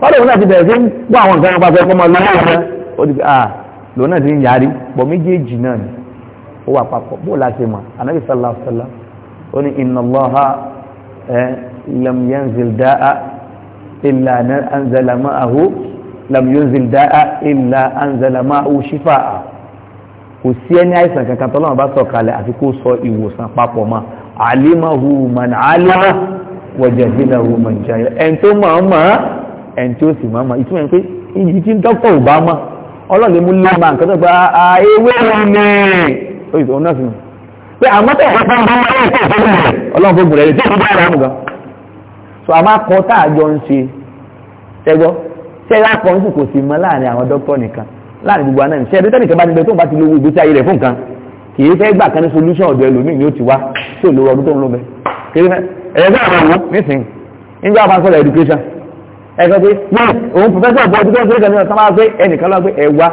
fọ́lọ̀ òun náà ti bẹ̀rẹ̀ sí gbọ́ àwọn nǹkan pàṣẹ ọkọ̀ ọmọ lórí ọ̀rẹ́ ó di ah lòun náà ti ń yarí pọ̀ méjèèjì náà ni ó wà papọ̀ bó la ṣe mọ̀ anábì sallallahu alaihi wasallam ó ní inna Allaha lam yanzil da'a illa anzala ma'ahu lam yanzil da'a illa anzala ma'ahu shifa'a kò sí ẹni àìsàn kankan tọ́lọ́run bá sọ̀kalẹ̀ àti kó sọ ìwòsàn papọ̀ mọ́ alimahu man alima wa jahilahu man jahila ẹni tó máa ń máa ẹni tí ó sì máa ma ìtumọ̀ ní pé ìjì tí dọ́kítọ̀ ò bá mọ̀ ọlọ́ọ̀lẹ́ mú lé máa nǹkan tó gba ewé ni oṣù tó ń nọ́ọ̀sì mi pé àmọ́ tẹ̀ ọlọ́run fún gbùrẹ́lẹ̀ tí ó bá ara mú gan so a máa kọ́ tá àjọ ń ṣe tẹ́gbọ́ ṣé ẹ̀rọ akọ̀ ńsìn kò sì mọ́ láàrin àwọn dọ́kítọ̀ nìkan láàrin gbogbo àná ṣe ẹ̀rọ tẹ́nìkan bá ti bẹ tó ń bá ti lo ìgbésí ayé rẹ̀ fún nǹkan kì í fẹ́ gbà kan ní solution ọ̀dọ̀ ẹlòmíì ni ó ti wá tó lówó ọdún tó ń lọ bẹ́ẹ̀ kì í fẹ́ ẹ̀rọ ẹgbẹ́ pé òun pòfẹ́sọ̀ bọ́ ọdún kẹ́kẹ́ kan náà sábà pé ẹnìkan lọ́gbẹ́ ẹ̀wá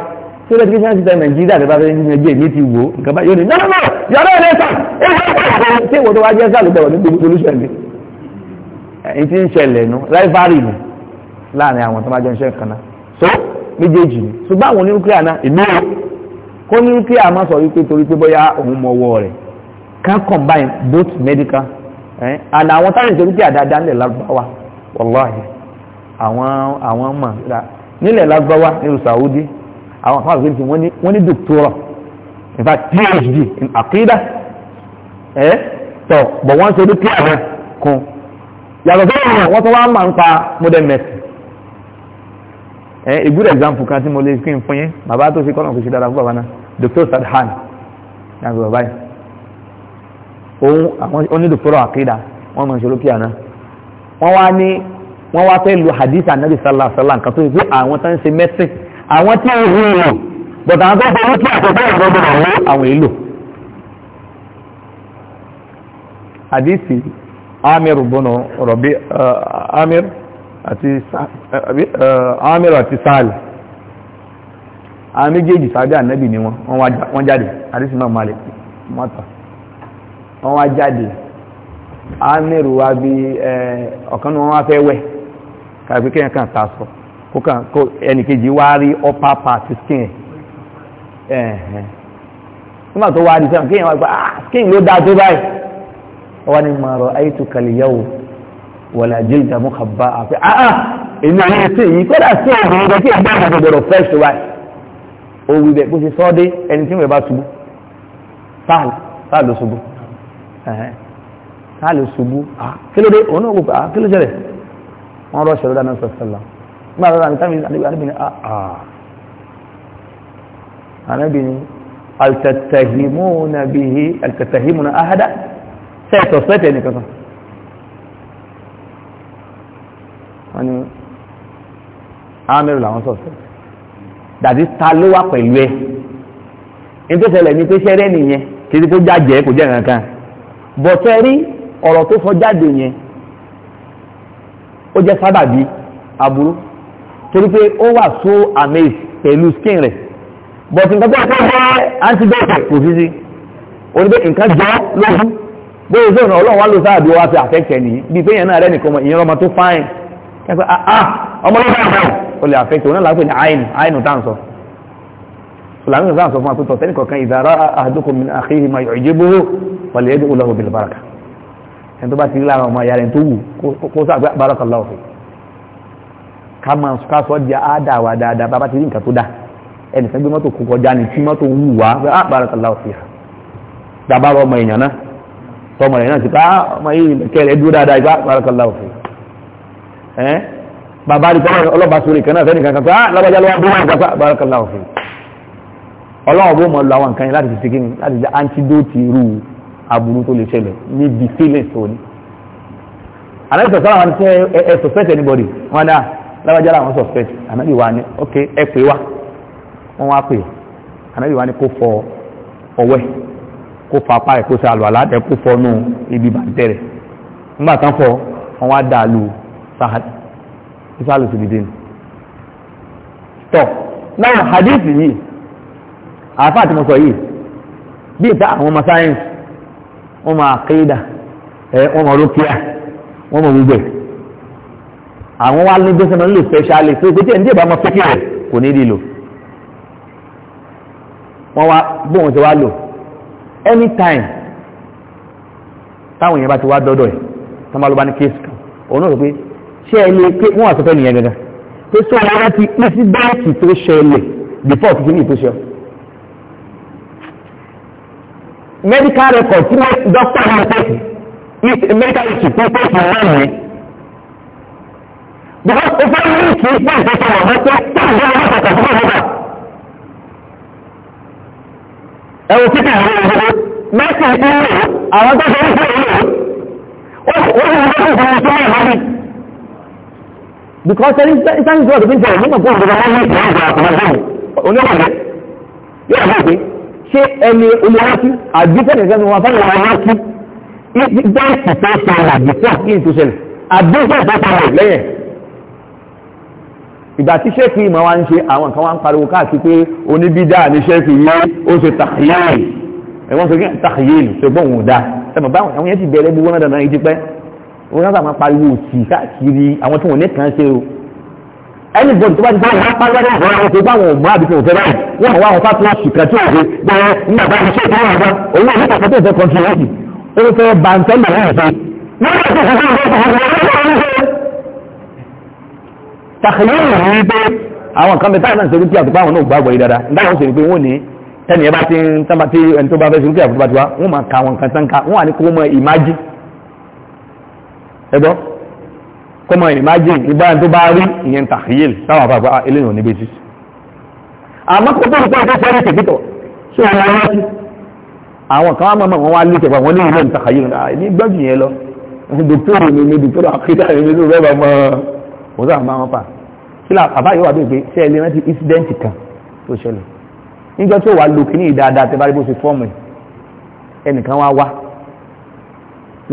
tí ó lè tìkí sáyẹ́nsì tẹ nàìjíríà lè bá fẹ́ ní mi ti wò nǹkan báyìí ní nọ́nà yàrá ẹ̀ lẹ́sà tí ìwọ́n tó wá jẹ́ sáà ló bẹ̀rọ̀ solution tí ń ṣẹlẹ̀ nu rivalry ni láàrin àwọn tó so méjèèjì ni ṣùgbọ́n àwọn onírukia náà ìlú kó sọ wípé torí pé bóyá àwọn àwọn mọ̀ nílẹ̀ lágbáwá nílùú Saudi àwọn àwọn àgbẹ̀ tí wọ́n ní dòktórà in fact PhD in akida ẹ̀ tọ̀ bọ̀ wọ́n ṣe dúkìá rẹ̀ kún yàtọ̀ tó wọ́n wọ́n tó wá máa ń pa modern medicine ẹ̀ a good example kan tí mo lè fín fún yín bàbá tó ṣe kọ́nà kò ṣe dára fún bàbá náà Dr. Sadhan yàtọ̀ bàbá yìí òun àwọn onídòktórà akida wọ́n máa ń ṣe dúkìá náà wọ́n wá ní wọ́n wá fẹ́ lo hadith anabi sallallahu alaihi tó yẹ pé àwọn tó ṣe mẹ́sìn àwọn tí ò rí lò bọ̀dà tó ń fọwọ́ tí àkọ́kọ́ ìgbà gbọ́dọ̀ wọ́n àwọn èlò. hadith amir bọ́nà rọ̀bí uh, amir àti uh, amir àti àwọn méjèèjì sábẹ́ ni wọ́n wọ́n jáde hadith náà malẹ̀ wọ́n wá amir wa bí eh, ọ̀kan ni wọ́n wá kàbí kí ẹ̀kan ta sọ kó ẹnìkejì wá rí upper part skin ẹ̀hẹ̀n nígbà tó wá rí sẹ́wọ̀n kí ẹ̀wọ̀n gba skin ló dáa tó báyìí wọ́n ní ma ra'aytuka al-yawma wala jilda mukhabba'a àfi àà ah, ah, èmi àwọn ẹ̀sìn yìí kọ́dà sí ọ̀rọ̀ ọ̀rọ̀ kí ẹ̀dá àwọn ọ̀dọ̀ fresh tó báyìí ó wí bẹ́ẹ̀ bó ṣe sọ́ dé ẹni tí wọ́n bá ṣubú sáà ló ṣubú ah, kí ló dé òun náà kí ló ṣẹlẹ̀ wọ́n rọ́ṣẹ̀ lọ́dà náà sọ̀sọ̀lá nígbà tó rà tàbí àníbì ní àà àníbì ní altatahimuna bihi altatahimuna ahada sẹ́ẹ̀tọ̀ sẹ́ẹ̀tẹ̀ nìkan kan wọ́n ni amir làwọn sọ̀sọ̀ dàbí ta ló wà pẹ̀lú ẹ ní tó ṣẹlẹ̀ ní pé ṣẹ́rẹ́ nìyẹn kí ló jájẹ́ kò jẹ́ nǹkan bọ̀tẹ́rí ọ̀rọ̀ tó sọ jáde yẹn ó jẹ́ sábàbí aburú torí pé ó wà so amazed pẹ̀lú skin rẹ̀ but nǹkan tó wà fẹ́ antibiotic kò sí sí oníbẹ̀ nǹkan jọ lójú bóyá ìṣe ọ̀nà ọlọ́run wá ló sáàbí wá fi àfẹ́kẹ̀ nìyí bíi pé yẹn náà rẹ̀ nìkan ìyẹn ọmọ tó fáìn kẹfẹ́ ah, ah ọmọ ọlọ́run náà ó lè àfẹ́kẹ̀ òun náà lápẹ́ ní àìnù àìnù tá à ń sọ fúlàní náà sọ fún àtúntọ̀ tẹ́nìkọ̀ọ̀kan ìdára àdókòmí àkéhìmá ìjẹ́bó wà lè yẹ́dẹ́ òlọ́run bìlbáraka ẹni tó bá ti rí lára ọmọ ìyá rẹ̀ tó wù kó sàgbé barakallahu fi ká máa ká sọ di àádà wa dáadáa bá bá ti rí nǹkan tó dà ẹnìkan gbé mọ́tò kó kọjá ni tí mọ́tò wù wá ah, barakallahu fi hà dàbára ọmọ èèyàn náà tọmọ èèyàn ti ká ah, ọmọ yìí kẹrẹ dúró dáadáa ìgbà barakallahu fi ẹ́ bàbá rí kọ́mọ̀ ọlọ́ba sórí kan náà fẹ́nìkan kan pé ah lọ́wọ́já lọ́wọ́ bí wọ́n aburú tó lè ṣẹlẹ̀ níbi feelings tó ní anábì sọ̀sọ́ àwọn tí ẹ suspect anybody wọ́n dá lábájára àwọn suspect anábì wa ní ok ẹ pè wá wọ́n wá pè anábì wa ní kó fọ ọwẹ́ kó fa apá ẹ̀ kó ṣe àlọ́ aládẹ kó fọnú ibi bàtẹ́ nígbà tán fọ wọ́n wá dà lù sahad ìsàlù sì dìde tọ́ náà hadith yìí àáfà tí mo sọ yìí bí ìta àwọn ọmọ sáyẹ́nsì wọ́n máa kéèdà wọ́n máa rókíà wọ́n máa gbogbo ẹ̀ àwọn wa ní gbèsè náà lè fẹ́ṣálẹ̀ pé pé tí ẹni ìbámu fẹ́ rẹ̀ kò ní rí wọ́n wá bóun ti wá lò anytime táwọn èèyàn bá ti wá dọ́dọ̀ ẹ̀ tó máa ló bá ní kéésì kan òun náà rò pé ṣé ẹ lè pé wọ́n wà sọ́fẹ́ nìyẹn gangan pé sọ́wọ́n rántí pé sí báàkì tó ṣẹlẹ̀ before kìkìrì tó ṣẹlẹ̀ medical record tí dókítà náà tẹ̀sí medical history tó tẹ̀sí náà nìyẹn. because o fẹ́ ní ìsìn ìsìn ìsìn ìsìn ọ̀hún tó tẹ̀sí náà wọ́n tẹ̀sí fún ọ̀hún. ẹ wò títà àwọn ọ̀hún mẹ́sì ń lò àwọn tó fẹ́ fún ọ̀hún ó sì wọ́n fún ọ̀hún fún ọ̀hún fún ọ̀hún. because ẹni sáyẹnsì ọ̀dọ̀ fi ń tẹ̀lé nígbà tó ń bọ̀ wọ́n ní ìsìn ìsìn àkùnrin oníwàlẹ̀ yóò ṣé ẹni olùwàásù àdìsẹ́nìkẹ́ni wọn fẹ́ẹ́ wọn wá sí ìgbẹ́sì tó sara bìfọ́ kí n tó ṣẹlẹ̀ àdìsẹ́nì tó sara lẹ́yìn. ìgbà tí ṣẹ́ẹ̀kì ìmọ̀ wa ń ṣe àwọn kan wá ń pariwo káàkiri pé oníbídà ní ṣẹ́ẹ̀kì yìí ó ṣe tàkìyáàlì ẹ̀wọ́n sọ tàkìyéèlì ṣùgbọ́n òun dá ẹ̀mọ̀ báwọn àwọn yẹn ti bẹ̀rẹ̀ bí wọ́n náà dáná ìdí pẹ́ wọ́n sábà máa pariwo òtì káàkiri àwọn tí wọ́n ní kàn ṣe o ẹni bọ̀dù tó bá ti bá wọn apá lọ́dọ̀ àwọn àwọn ọkọ̀ báwọn ọmọ àbíkẹ́ òfẹ́ báyìí wọn àwọn àwọn fáfúlà ṣùkà tí òfin bẹ́ẹ̀ ní àbá iṣẹ́ ìtàn àgbà òun àwọn ọkọ̀ tó fẹ́ kọ́ńtìrẹ́tì ó fẹ́ ba nǹkan mọ̀ láyà sí. tàkìlì ń rí pé àwọn kan bẹ táyà náà ṣerú kí àtúpá àwọn náà gbàgbọ́ yìí dáadáa dáhùn ṣe pé wọ́n ní tẹ́nì ẹ̀bá tí ẹni tó bá fẹ́ ṣerú kí àtúpá tiwa wọ́n máa ka àwọn nǹkan tán ká wọ́n à ní kó mọ ìmájí ẹ̀gbọ́n kọmọ imagine ìbáyàn tó bá rí ìyẹn tàhíyèl táwọn àpapọ̀ ah, eléyìn ò ní bẹ́sí àmọ́kọ́tọ́ ìpá ìfẹ́ sẹ́rí tẹ̀kítọ̀ sí ọmọ ọmọ sí àwọn kan mọ́mọ́ wọn wá lé tẹ̀pọ̀ wọn ní ìlú tàhíyèl ní ah, gbọ́jù yẹn lọ dòkítọ́rù ni mi dòkítọ́rù àkítà mi tó bẹ́ẹ̀ bá mọ́ ọ sọ àmọ́ wọn pa kí là bàbá yóò wà bẹ́ẹ̀ pé ṣé ẹ lè rántí incident kan tó ṣẹlẹ̀ níjọ́ tó wà lókè ní ìdáadáa tẹ bá rí bó ṣe fọ́ọ̀mù ẹnìkan wá wá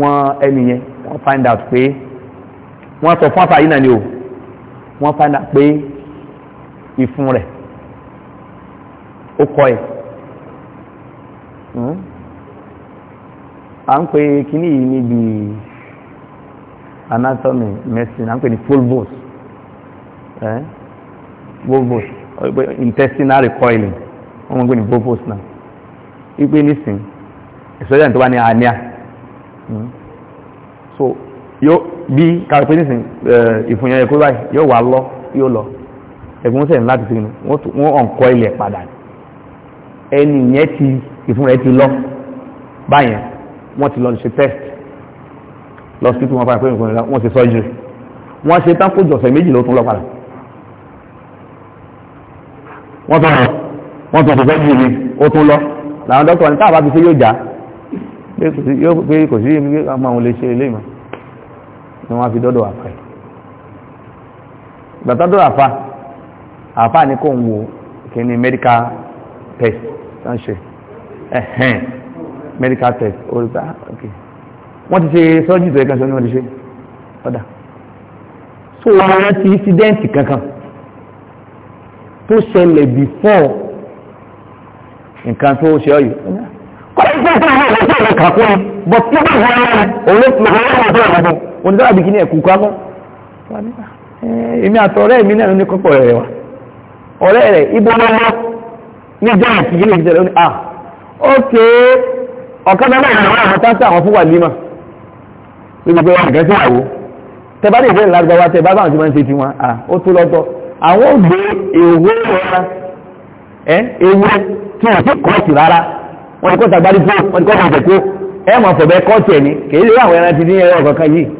wọn ẹnìyẹn wọn find out pé wọ́n sọ fún àfàyè náà o wọ́n fàdà pé ìfun rẹ̀ ó kọ́ ẹ̀ hmm? à ń pè kíní yìí níbi anatomy medicine à ń pè ní fulvus fulvus intestinal recoiling wọ́n mọ̀ pé ní fulvus náà ipe nísìn tó bá ní hmm? so yóò bí kàrìpé nísìn ìfúnyàn ẹ̀kọ́ báyìí yóò wà lọ yóò lọ ẹ̀gbọ́n sẹ̀yìn láti fi wọ́n ọ̀nkọ́ ilẹ̀ padà ẹni yẹn ti ìfún rẹ̀ ti lọ báyẹn wọ́n ti lọ ṣe test lọ sí pé wọ́n fara pé nǹkan ìlà wọ́n ṣe surgery wọ́n ṣe tán kó jọ̀sẹ̀ méjì ló tún lọ padà wọ́n tún lọ wọ́n tún ṣe surgery ó tún lọ làwọn dókítà ní táwọn bá fi ṣe yóò já pé kò sí ọmọ àwọn lè ṣe eléyìí ni wọ́n fi dọ́dọ̀ àfà yìí gbàtà dọ́dọ̀ àfà àfà ni kò ń wo kí ni medical test ṣe ń ṣe ẹ̀hẹ́n medical test orúkọ ah, ok wọ́n ti ṣe sọ́jú ìtọ́ ìkànṣọ́ ni wọ́n ti ṣe ọ̀dà so wọ́n rántí incident kankan tó ṣẹlẹ̀ before nǹkan tó ṣe ọ̀yọ́ kọ́ ẹ̀ ṣe ń sọ àwọn ọ̀rọ̀ tó ọ̀rọ̀ kàkúrú bọ̀ tí wọ́n ń wọ́n rẹ̀ òun ló fi ọ̀rọ̀ ọ̀rọ̀ ọ̀rọ̀ wọn dára bí kí ní ẹ̀kú eh, kwamọ́ èmi àtọ̀rẹ́ mi náà ní kọ́pọ̀ rẹ̀ wá ọ̀rẹ́ rẹ̀ ibọ́ lọ́wọ́ ní jẹ́rẹ̀ kí ní ìjẹ́rẹ̀ ní à ah, ókè ọ̀kadà náà àwọn àwọn tásà àwọn fún wà límà gbogbo wọn kẹsí àwò tẹbá lè fẹ́ lágbàwá tẹbá bá àwọn tí wọ́n ń ṣe ti wọn à ah, ó tó lọ́tọ̀ àwọn ògbé èwé rọra ẹ ewé tí wọ́n ti kọ́ọ̀tì rárá ẹran ti ní ẹ̀rọ kankan yìí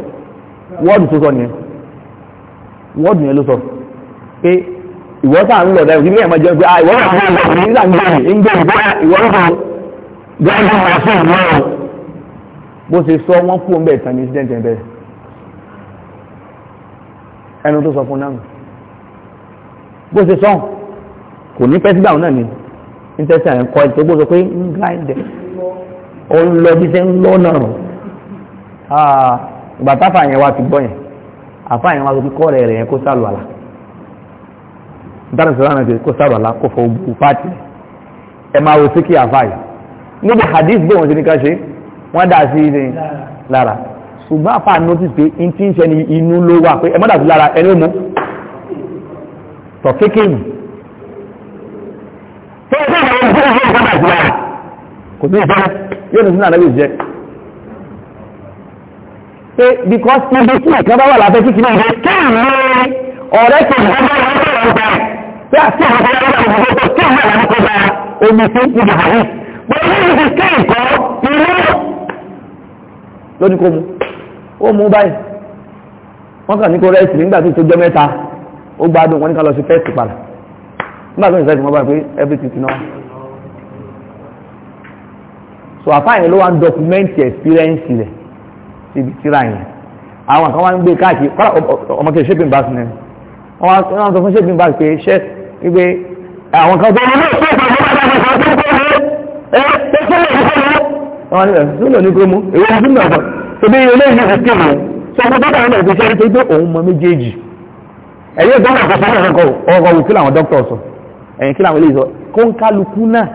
wọ́ọ̀dù tó sọ nìyẹn wọ́ọ̀dù yẹn ló sọ pé ìwọ́sà ń lọ dáhùn ìbílẹ̀ ìmọ̀jẹ́ pé ah, ìwọ́sà ń lọ dáhùn nígbà ń gbẹ̀rẹ̀ ń gbẹ̀rẹ̀ ìwọ́sà gbẹ̀rẹ̀ wà fún ìwọ́rọ̀ bó ṣe sọ wọ́n kú ń bẹ̀ tán ní ń kọ́ ń gbà ń lọ ń ìgbà táfà yẹn wá ti gbọ́ yẹn àfà yẹn wá gbé kọ́ọ̀rẹ́ rẹ̀ yẹn kó sálù àlà dáná sọ̀rọ̀ àná kó sálù àlà kó fọ òbú pàtì ẹ máa wo síkì àfà yìí níbi hadith bó wọn ti ní ká ṣe wọ́n dà sí ní lára ṣùgbọ́n àfà notice pé n ti ń ṣe ni inú ló wà pé ẹ má dà lára ẹni ó mú tọ̀ kékeré kò sí ìfẹ́ yóò ní sínú àdábì jẹ́ pé because ibi tí ẹ̀ka bá wà lábẹ́ títí náà kí ni ọ̀rẹ́ tó ń bá wà lábẹ́ ọ̀gá pé àti àwọn ọ̀gá wà lábẹ́ ọ̀gá kí ni àwọn ọ̀gá omi tó ń kú bàbá yìí. pẹ̀lú ìdí kí ẹ̀kọ́ ìlú lónìí kò mú ó mú báyìí wọ́n kàn ní kó rẹ́sì nígbà tó tó jẹ́ mẹ́ta ó gbádùn wọn ní ká lọ sí fẹ́ẹ̀sì padà nígbà tó ń sẹ́ẹ̀sì wọn bá pé everything ti náà so àfáàyàn ló wá ń dọkumẹ́ntì ẹ̀sipírẹ́ǹsì rẹ̀ síbi tíra yẹn àwọn kan wá ń gbé káàkiri kọ́lá ọmọ kejì ṣépin báàsì náà wọ́n wá ń sọ fún ṣépin báàsì pé ṣẹ́ wípé àwọn kan tó ń lé ṣé ìfọ̀mọ́ bá bá bá tó tó lé ẹ tó tó lè fún mi. wọ́n ní ẹ̀sùn lọ ní kúròmù èyí ọdún náà bọ̀ tóbi ilé ìlú ti kéwì sọ fún dókítà náà ti ṣe é pé òun mọ méjèèjì ẹ̀yẹ́ dókítà kò sọ́nà kankan ọkọ̀ wù kí làwọn dókítà sọ ẹ̀yìn kí làwọn eléyìí sọ kó ń kálukú náà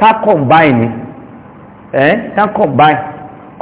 ká combine ẹ̀ ká combine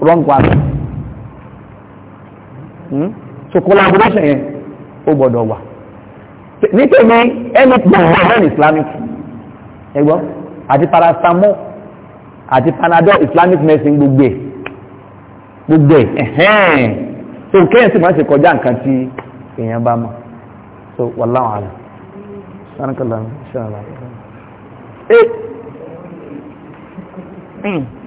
wrong one hmm? so collaboration yẹn obodo gbọ́dọ̀ wà nítorí ẹni gbogbo ọ̀rẹ́ islamic ẹgbọ́n àti paracetamol ati panadol islamic medicine gbogbo ẹ̀ gbogbo so kéèyàn sì máa ṣe kọjá nǹkan tí èèyàn bá mọ̀ so wallahu alam sanakallah inshallah eh mm.